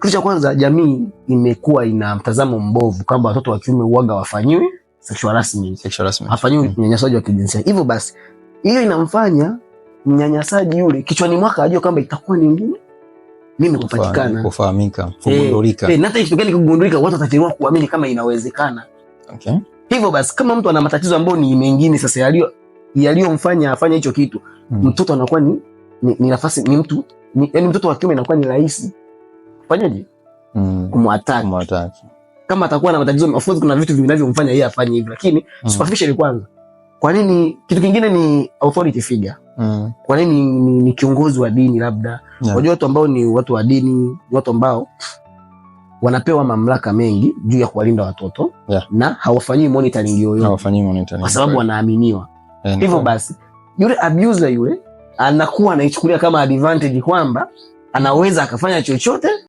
Kitu cha kwanza, jamii imekuwa ina mtazamo mbovu kwamba watoto wa kiume uwaga wafanyiwe sexual harassment, sexual harassment, hafanyiwi mm. unyanyasaji wa kijinsia. Hivyo basi hiyo inamfanya mnyanyasaji yule kichwani mwaka ajue kwamba itakuwa ni ngumu mimi kupatikana, kufahamika, eh, kugundulika. Eh, eh, hata ikitokea gani watu watachelewa kuamini kama inawezekana. Okay. Hivyo basi kama mtu ana matatizo ambayo ni mengine sasa yaliyo yaliyomfanya afanye hicho kitu, mm. mtoto anakuwa ni ni, ni nafasi ni mtu ni, yani mtoto wa kiume anakuwa ni rahisi kufanyaje? Mm. Kumwattack. Kumwattack. Kama atakuwa na matatizo of course kuna vitu vinavyomfanya yeye afanye hivi, lakini mm. superficial kwanza. Kwa nini? Kitu kingine ni authority figure. Mm. Kwa nini ni, ni, kiongozi wa dini labda? yeah. Wajua, Watu ambao ni watu wa dini, watu ambao wanapewa mamlaka mengi juu ya kuwalinda watoto yeah. na hawafanyii monitoring yoyote, hawafanyii monitoring kwa sababu wanaaminiwa yeah. Hivyo basi yule abuser yule anakuwa anaichukulia kama advantage kwamba anaweza akafanya chochote